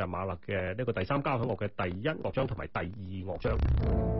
就馬勒嘅呢個第三交響樂嘅第一樂章同埋第二樂章。